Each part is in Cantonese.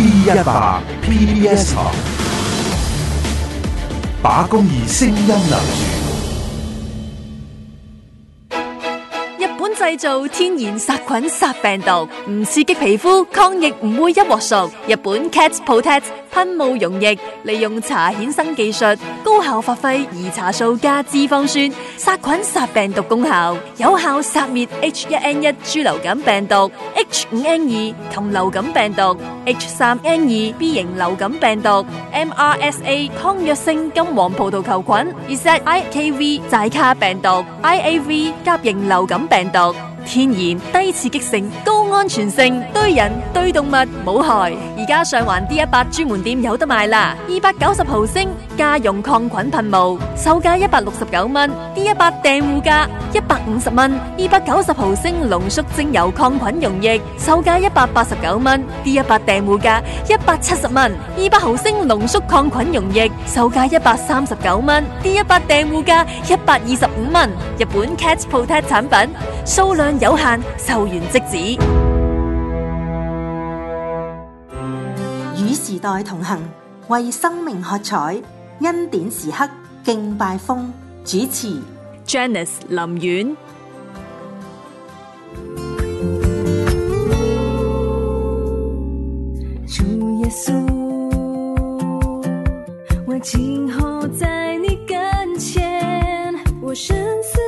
P 一百 PBS P100. 把公義聲音留住。日本製造天然殺菌殺病毒，唔刺激皮膚，抗疫唔會一鑊熟。日本 CATS Pot。噴霧溶液，利用茶顯生技術，高效發揮兒茶素加脂肪酸殺菌殺病毒功效，有效殺滅 H 一 N 一豬流感病毒、H 五 N 二禽流感病毒、H 三 N 二 B 型流感病毒、MRSA 抗藥性金黃葡萄球菌、ZIKV 寨卡病毒、IAV 甲型流感病毒，天然低刺激性高。安全性對人對動物冇害，而家上環 D100 專門店有得賣啦。二百九十毫升家用抗菌噴霧，售價一百六十九蚊，D100 訂戶價一百五十蚊。二百九十毫升濃縮精油抗菌溶液，售價一百八十九蚊，D100 訂戶價一百七十蚊。二百毫升濃縮抗菌溶液，售價一百三十九蚊，D100 訂戶價一百二十五蚊。日本 Catch Potato 產品，數量有限，售完即止。與時代同行，為生命喝彩，恩典時刻敬拜風。風主持，Janice 林苑，主耶穌，我靜候在你跟前，我生死。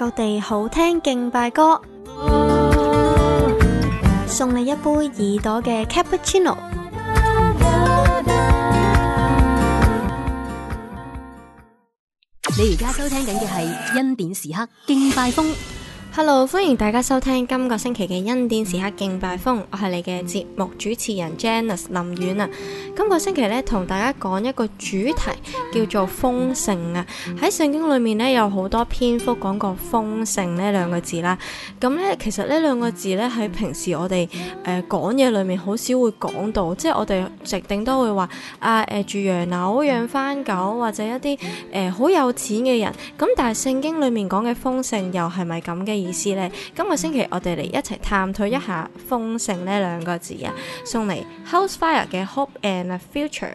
各地好聽敬拜歌，送你一杯耳朵嘅 cappuccino。你而家收聽緊嘅係恩典時刻敬拜風。Hello，歡迎大家收聽今個星期嘅恩典時刻敬拜風，我係你嘅節目主持人 Janice 林苑啊。今個星期咧，同大家講一個主題，叫做豐盛啊。喺聖經裏面咧有好多篇幅講過豐盛呢兩個字啦。咁咧其實呢兩個字咧喺平時我哋誒、呃、講嘢裏面好少會講到，即係我哋直定都會話啊誒、呃、住洋樓、養番狗或者一啲誒好有錢嘅人。咁但係聖經裏面講嘅豐盛又係咪咁嘅？意思咧，今個星期我哋嚟一齊探討一下豐盛呢兩個字啊，送嚟 House Fire 嘅 Hope and Future。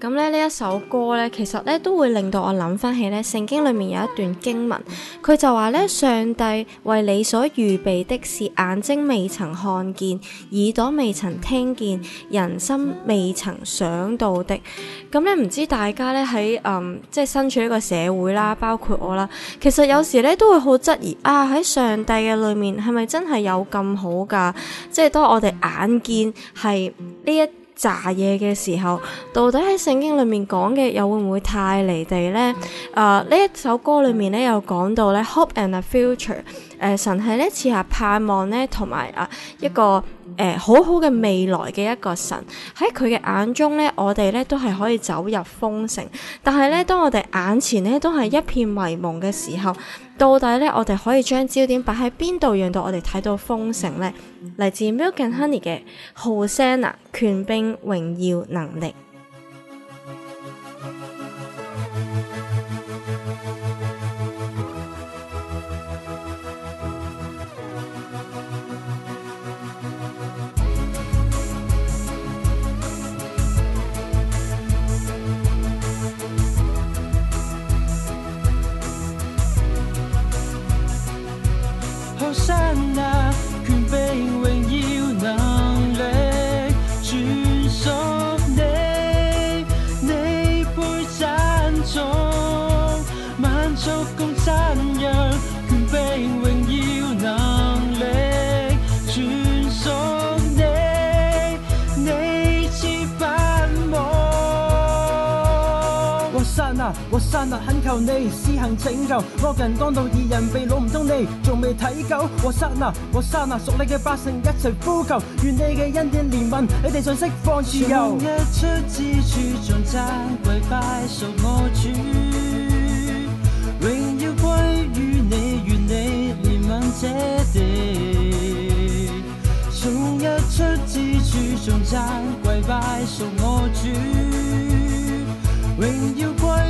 咁咧呢一首歌呢，其實呢都會令到我諗翻起呢。聖經裏面有一段經文，佢就話呢上帝為你所預備的是眼睛未曾看見，耳朵未曾聽見，人心未曾想到的。咁呢唔知大家呢喺即係身處一個社會啦，包括我啦，其實有時呢都會好質疑啊喺上帝嘅裏面係咪真係有咁好噶？即係當我哋眼見係呢一炸嘢嘅時候，到底喺聖經裏面講嘅又會唔會太離地呢？呢、呃、一首歌裏面呢，又講到呢 hope and a future，、呃、神係呢設下盼望呢，同埋啊一個。誒好好嘅未來嘅一個神喺佢嘅眼中呢，我哋呢都係可以走入豐城。但係呢，當我哋眼前呢都係一片迷蒙嘅時候，到底呢？我哋可以將焦點擺喺邊度，讓到我哋睇到豐城呢？嚟自 Milk and Honey 嘅 Husna 權柄榮耀能力。和散那，懇求你施行拯救，惡人當道，義人被擄，唔通你仲未睇夠？我和散那，我和散那，屬你嘅百姓一齊呼求，願你嘅恩典憐憫，你哋盡釋放自由。從日出之處，仲讚跪拜屬我主，榮耀歸於你，願你憐憫這地。從日出之處，仲讚跪拜屬我主，榮耀歸。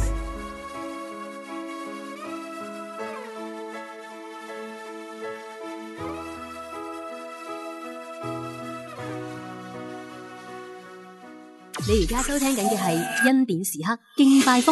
你而家收聽緊嘅係《恩典時刻敬拜風》。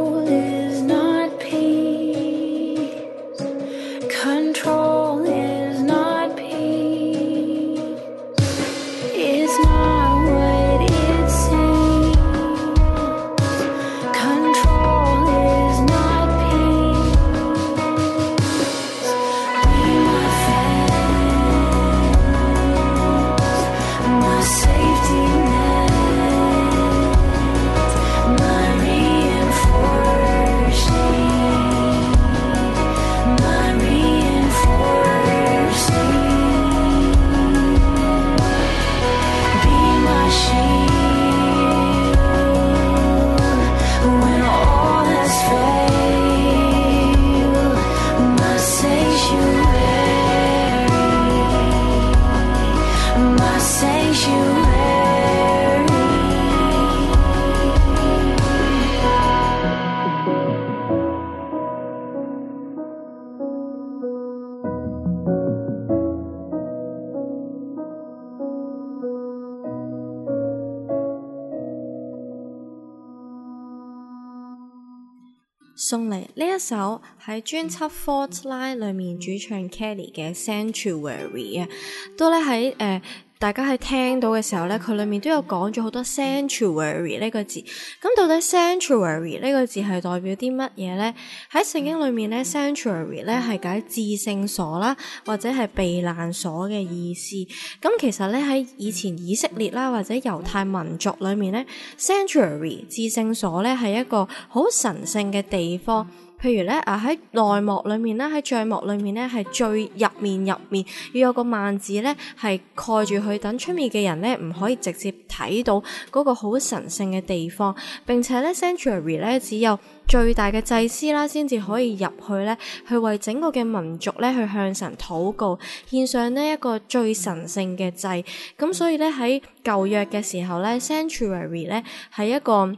一首喺專輯《Fortnight》裏面主唱 Kelly 嘅《Sanctuary》啊，都咧喺誒，大家喺聽到嘅時候咧，佢裏面都有講咗好多《Sanctuary》呢、這個字。咁到底《Sanctuary》呢、這個字係代表啲乜嘢呢？喺聖經裏面咧，《Sanctuary》咧係解至聖所啦，或者係避難所嘅意思。咁其實咧喺以前以色列啦或者猶太民族裏面咧，《Sanctuary》至聖所咧係一個好神聖嘅地方。譬如咧，啊喺內幕裏面啦，喺帳幕裏面咧，係最入面入面要有個幔子咧，係蓋住佢，等出面嘅人咧唔可以直接睇到嗰個好神聖嘅地方。並且咧，Sanctuary 咧只有最大嘅祭司啦，先至可以入去咧，去為整個嘅民族咧去向神禱告，獻上呢一個最神聖嘅祭。咁所以咧喺舊約嘅時候咧，Sanctuary 咧係一個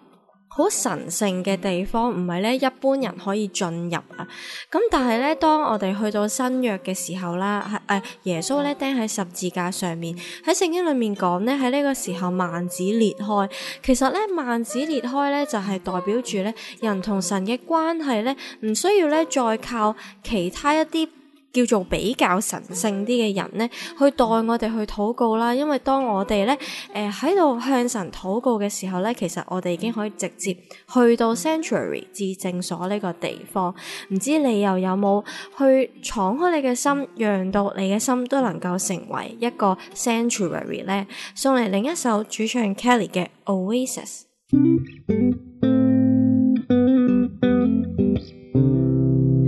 好神聖嘅地方，唔係咧一般人可以進入啊。咁但係咧，當我哋去到新約嘅時候啦，誒耶穌咧釘喺十字架上面，喺聖經裏面講咧，喺呢個時候幔子裂開。其實咧幔子裂開咧，就係代表住咧人同神嘅關係咧，唔需要咧再靠其他一啲。叫做比較神聖啲嘅人呢，去代我哋去禱告啦。因為當我哋呢喺度、呃、向神禱告嘅時候呢，其實我哋已經可以直接去到 Sanctuary 至聖所呢個地方。唔知你又有冇去敞開你嘅心，讓到你嘅心都能夠成為一個 Sanctuary 呢？送嚟另一首主唱 Kelly 嘅 Oasis。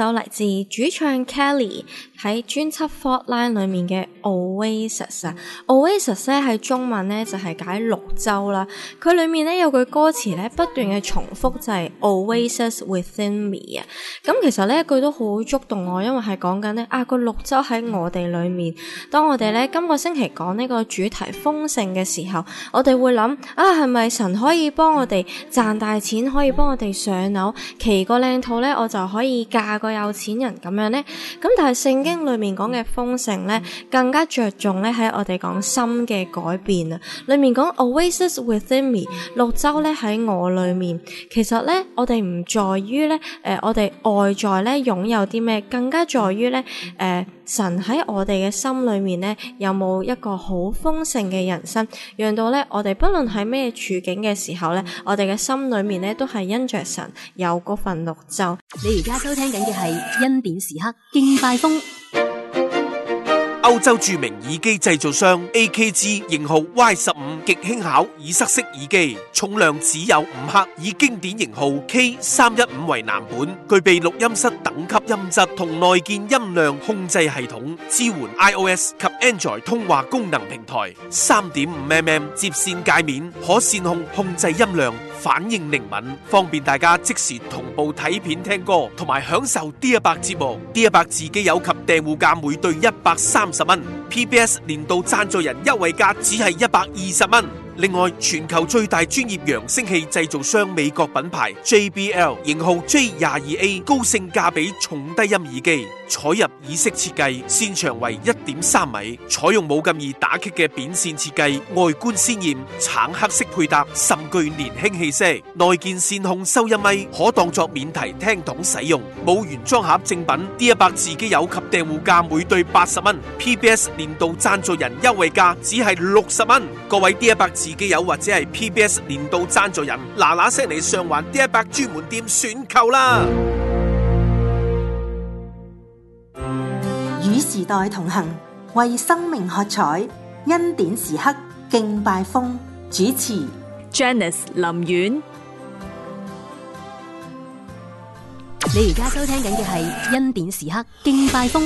首嚟自主唱 Kelly。喺專輯 Footline 裏面嘅 Oasis 啊，Oasis 咧係中文咧就係、是、解綠洲啦。佢裏面咧有句歌詞咧不斷嘅重複就係、是、Oasis within me 啊。咁、嗯、其實咧一句都好觸動我，因為係講緊咧啊個綠洲喺我哋裏面。當我哋咧今個星期講呢個主題豐盛嘅時候，我哋會諗啊係咪神可以幫我哋賺大錢，可以幫我哋上樓，騎個靚套咧我就可以嫁個有錢人咁樣咧？咁、嗯、但係聖經。裏面講嘅豐盛咧，更加着重咧喺我哋講心嘅改變啊！裏面講 Oasis within me，綠洲咧喺我裏面。其實咧，我哋唔在於咧，誒、呃，我哋外在咧擁有啲咩，更加在於咧，誒、呃，神喺我哋嘅心裏面咧，有冇一個好豐盛嘅人生，讓到咧我哋不論喺咩處境嘅時候咧、嗯，我哋嘅心裏面咧都係因着神有嗰份綠洲。你而家收聽緊嘅係恩典時刻敬拜風。歐洲著名耳機製造商 AKG 型號 Y15，極輕巧耳塞式耳機，重量只有5克，以經典型號 K315 為藍本，具備錄音室等級音質同內建音量控制系統，支援 iOS 及 Android 通話功能平台 3.5mm 接線界面可線控控制音量，反應靈敏，方便大家即時同步睇片聽歌同埋享受 D 一百節目。D 一百自己有及訂戶價每對130十蚊，PBS 年度贊助人優惠價只係一百二十蚊。另外，全球最大專業揚聲器製造商美國品牌 JBL 型號 J 廿二 A 高性價比重低音耳機，採入耳式設計，線長為一點三米，採用冇咁易打曲嘅扁線設計，外觀鮮艷，橙黑色配搭甚具年輕氣息。內建線控收音咪，可當作免提聽筒使用。冇原裝盒正品 D 一百自己友及訂戶價每對八十蚊，PBS 年度贊助人優惠價只係六十蚊。各位 D 一百字。自己有或者係 PBS 年度贊助人，嗱嗱聲嚟上環 D 一百專門店選購啦！與時代同行，為生命喝彩，恩典時刻敬拜風主持 Janice 林苑。你而家收聽緊嘅係恩典時刻敬拜風。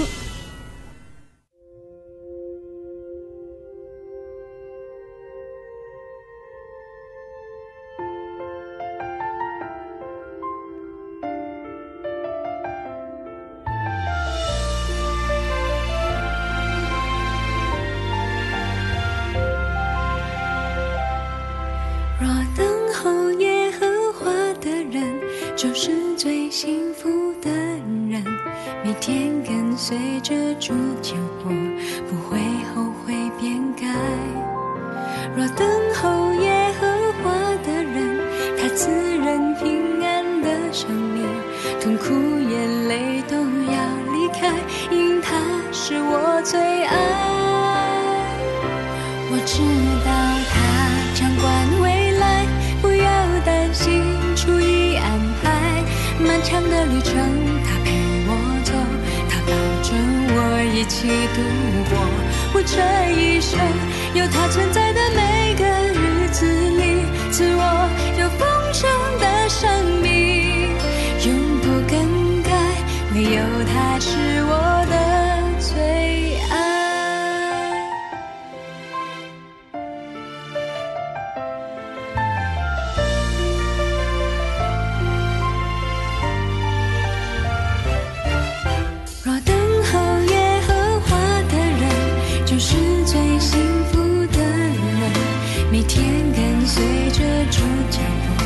隨着這腳步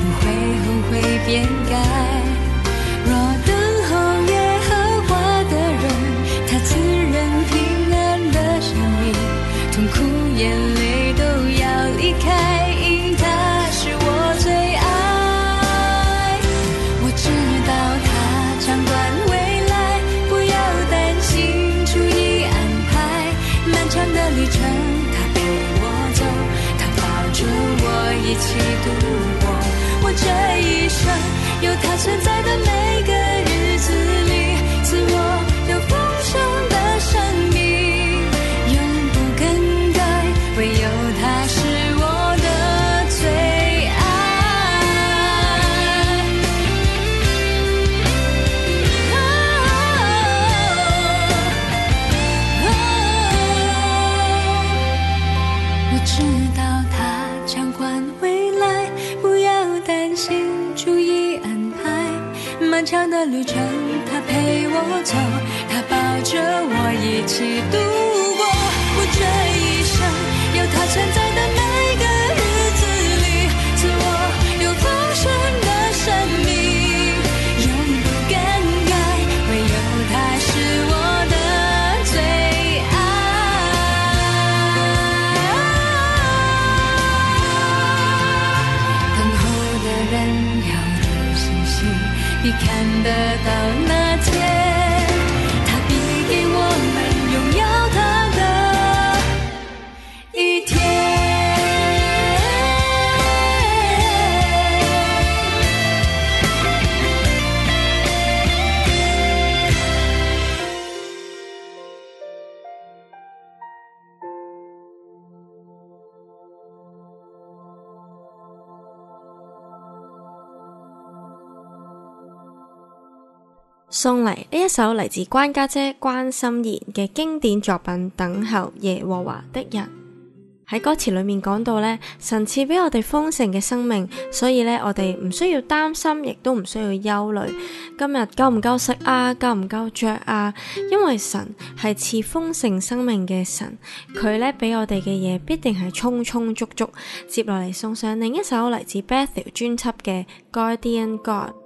不會後悔，變改。這一生有他存在。幾度？送嚟呢一首嚟自關家姐關心妍嘅經典作品《等候耶和華的人》，喺歌詞裏面講到呢神賜俾我哋豐盛嘅生命，所以呢，我哋唔需要擔心，亦都唔需要憂慮。今日夠唔夠食啊？夠唔夠着啊？因為神係賜豐盛生命嘅神，佢呢俾我哋嘅嘢必定係充充足足。接落嚟送上另一首嚟自 Bethel 專輯嘅 Guardian God。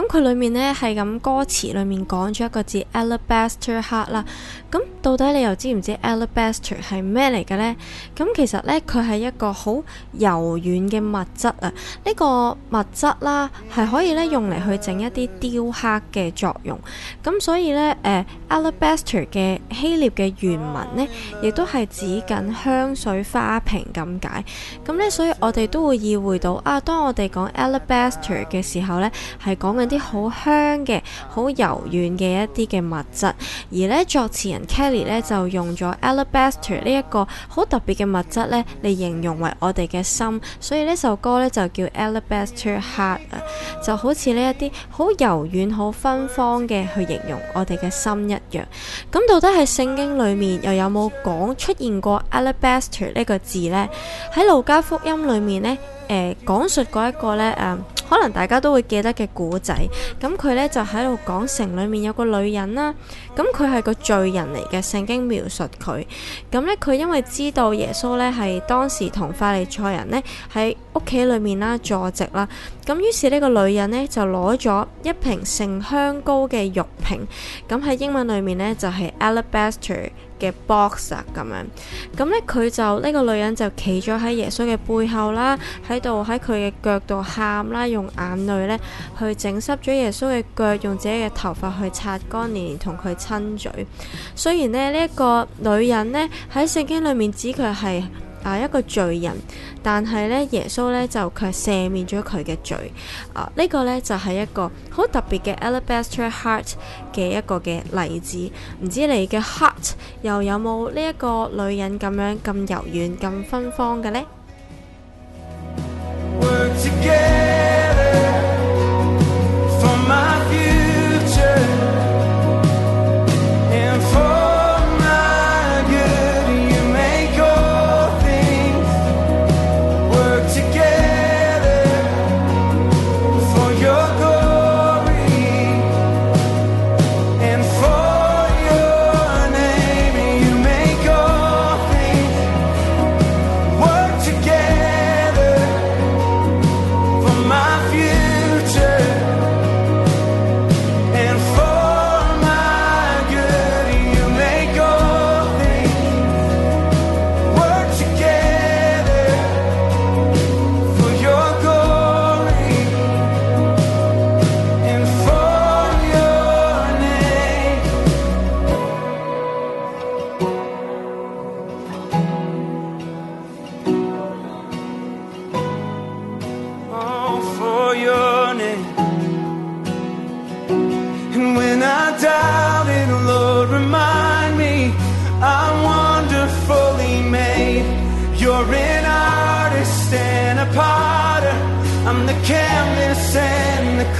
佢裏面呢係咁，歌詞裡面講咗一個字 alabaster Heart 啦。咁 到底你又知唔知 alabaster 係咩嚟嘅呢？咁其實呢，佢係一個好柔軟嘅物質啊。呢、這個物質啦，係可以呢用嚟去整一啲雕刻嘅作用。咁所以呢誒、呃、alabaster 嘅希臘嘅原文呢，亦都係指緊香水花瓶咁解。咁呢，所以我哋都會意會到啊。當我哋講 alabaster 嘅時候呢，係講緊啲。好香嘅，好柔軟嘅一啲嘅物質，而呢作詞人 Kelly 呢，就用咗 Alabaster 呢一個好特別嘅物質呢嚟形容為我哋嘅心，所以呢首歌呢，就叫 Alabaster Heart 啊，就好似呢一啲好柔軟、好芬芳嘅去形容我哋嘅心一樣。咁到底喺聖經裏面又有冇講出現過 Alabaster 呢個字呢？喺路加福音裏面呢。誒講述嗰一個咧誒、呃，可能大家都會記得嘅古仔。咁佢咧就喺度講城裏面有個女人啦。咁佢係個罪人嚟嘅，聖經描述佢。咁咧佢因為知道耶穌咧係當時同法利賽人呢喺屋企裏面啦坐席啦。咁於是呢個女人呢，就攞咗一瓶盛香膏嘅玉瓶。咁喺英文裏面呢，就係 Alabaster。嘅 box 啊，咁樣，咁咧佢就呢、這個女人就企咗喺耶穌嘅背後啦，喺度喺佢嘅腳度喊啦，用眼淚咧去整濕咗耶穌嘅腳，用自己嘅頭髮去擦乾，連連同佢親嘴。雖然呢，呢、這、一個女人呢，喺聖經裏面指佢係。啊！一個罪人，但係咧，耶穌咧就卻赦免咗佢嘅罪。啊，這個、呢個咧就係、是、一個好特別嘅 Alabaster Heart 嘅一個嘅例子。唔知你嘅 Heart 又有冇呢一個女人咁樣咁柔軟、咁芬芳嘅呢？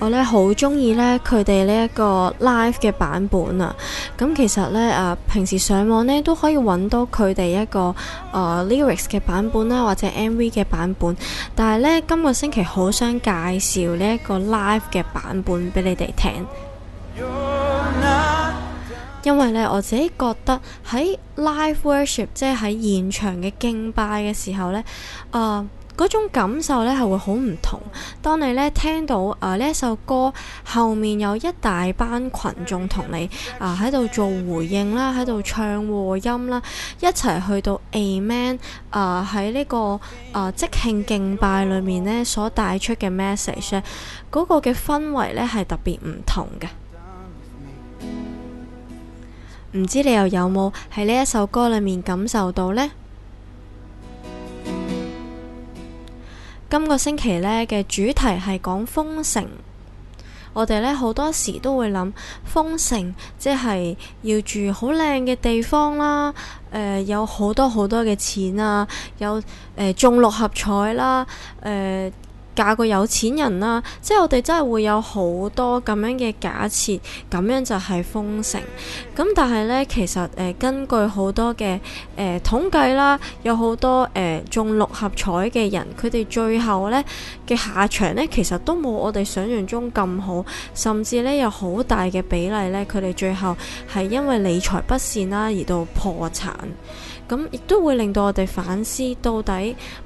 我咧好中意咧佢哋呢一個 live 嘅版本啊！咁其實咧誒、啊，平時上網咧都可以揾到佢哋一個誒、呃、lyrics 嘅版本啦、啊，或者 MV 嘅版本。但係咧今個星期好想介紹呢一個 live 嘅版本俾你哋聽，因為咧我自己覺得喺 live worship，即係喺現場嘅敬拜嘅時候咧，誒、呃。嗰種感受呢係會好唔同。當你呢聽到啊呢、呃、一首歌後面有一大班群眾同你啊喺度做回應啦，喺度唱和音啦，一齊去到 Amen 啊喺呢個啊、呃、即興敬拜裏面呢所帶出嘅 message 咧，嗰、嗰個嘅氛圍呢係特別唔同嘅。唔知你又有冇喺呢一首歌裏面感受到呢？今個星期咧嘅主題係講豐盛，我哋咧好多時都會諗豐盛，即係要住好靚嘅地方啦，誒有好多好多嘅錢啊，有誒、呃、中六合彩啦，誒、呃。嫁個有錢人啦，即係我哋真係會有好多咁樣嘅假設，咁樣就係豐盛。咁但係呢，其實誒、呃、根據好多嘅誒、呃、統計啦，有好多誒、呃、中六合彩嘅人，佢哋最後呢嘅下場呢，其實都冇我哋想象中咁好，甚至呢有好大嘅比例呢，佢哋最後係因為理財不善啦而到破產。咁亦都會令到我哋反思到底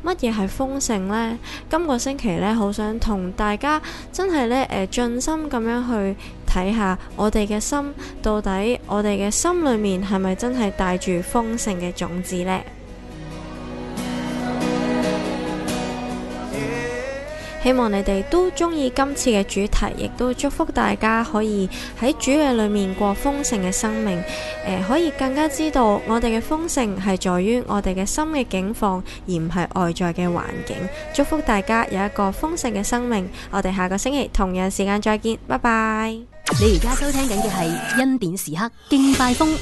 乜嘢係豐盛呢？今個星期咧，好想同大家真係咧誒，盡心咁樣去睇下我哋嘅心到底，我哋嘅心裏面係咪真係帶住豐盛嘅種子呢？希望你哋都中意今次嘅主題，亦都祝福大家可以喺主嘅裏面過豐盛嘅生命。誒、呃，可以更加知道我哋嘅豐盛係在於我哋嘅心嘅境況，而唔係外在嘅環境。祝福大家有一個豐盛嘅生命。我哋下個星期同樣時間再見，拜拜。你而家收聽緊嘅係恩典時刻，敬拜風。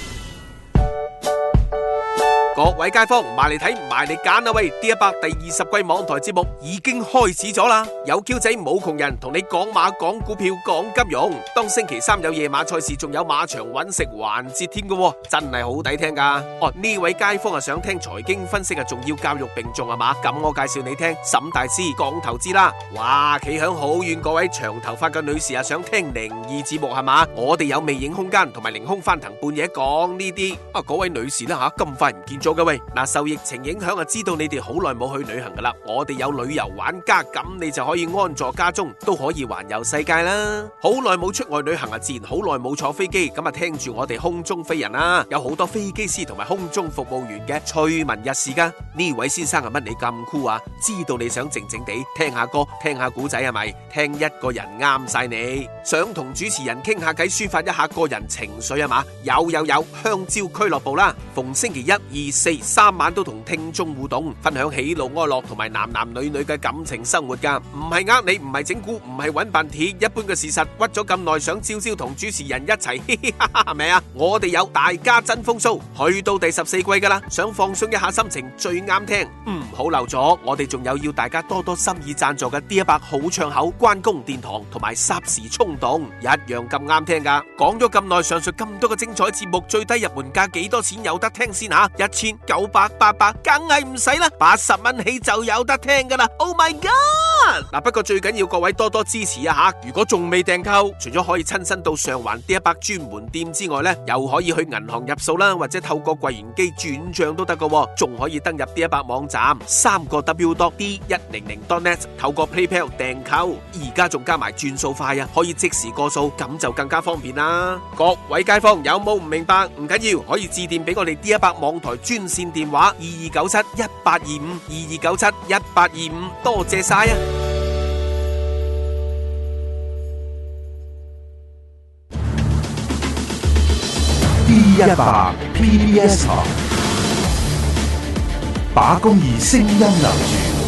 各位街坊，埋嚟睇，埋嚟揀啊！喂，D 一百第二十季網台節目已經開始咗啦！有 Q 仔冇窮人同你講馬、講股票、講金融。當星期三有夜馬賽事，仲有馬場揾食環節添噶，真係好抵聽噶！哦，呢位街坊啊，想聽財經分析啊，仲要教育並重係嘛？咁我介紹你聽沈大師講投資啦。哇，企響好遠嗰位長頭髮嘅女士啊，想聽靈異節目係嘛？我哋有魅影空間同埋凌空翻騰半夜講呢啲。啊，嗰位女士呢吓，咁快唔見咗。各位，嗱，受疫情影響啊，知道你哋好耐冇去旅行噶啦。我哋有旅遊玩家，咁你就可以安坐家中，都可以環遊世界啦。好耐冇出外旅行啊，自然好耐冇坐飛機。咁啊，聽住我哋空中飛人啦，有好多飛機師同埋空中服務員嘅趣聞逸事噶。呢位先生係乜你咁酷啊？知道你想靜靜地聽下歌、聽下古仔係咪？聽一個人啱晒你，想同主持人傾下偈，抒發一下個人情緒啊嘛？有有有，香蕉俱樂部啦，逢星期一、二。四三晚都同聽眾互動，分享喜怒哀樂同埋男男女女嘅感情生活噶，唔係呃你，唔係整蠱，唔係揾笨鐵，一般嘅事實屈咗咁耐，想招招同主持人一齊嘻嘻哈哈，係咪啊？我哋有大家真風騷，去到第十四季噶啦，想放鬆一下心情，最啱聽。唔好漏咗，我哋仲有要大家多多心意讚助嘅 D 一百好唱口關公殿堂同埋霎時衝動，一樣咁啱聽噶。講咗咁耐，上述咁多嘅精彩節目，最低入門價幾多錢有得聽先啊？一。千九百八百，梗係唔使啦，八十蚊起就有得聽噶啦！Oh my god！嗱，不過最緊要各位多多支持一下。如果仲未訂購，除咗可以親身到上環 D 一百專門店之外呢，又可以去銀行入數啦，或者透過櫃員機轉賬都得噶，仲可以登入 D 一百網站三個 W dot D 一零零 dot net 透過 PayPal 訂購，而家仲加埋轉數快啊，可以即時過數，咁就更加方便啦。各位街坊有冇唔明白？唔緊要，可以致電俾我哋 D 一百網台。專線電話二二九七一八二五二二九七一八二五，多謝晒啊！D100 PBS 把公義聲音留住。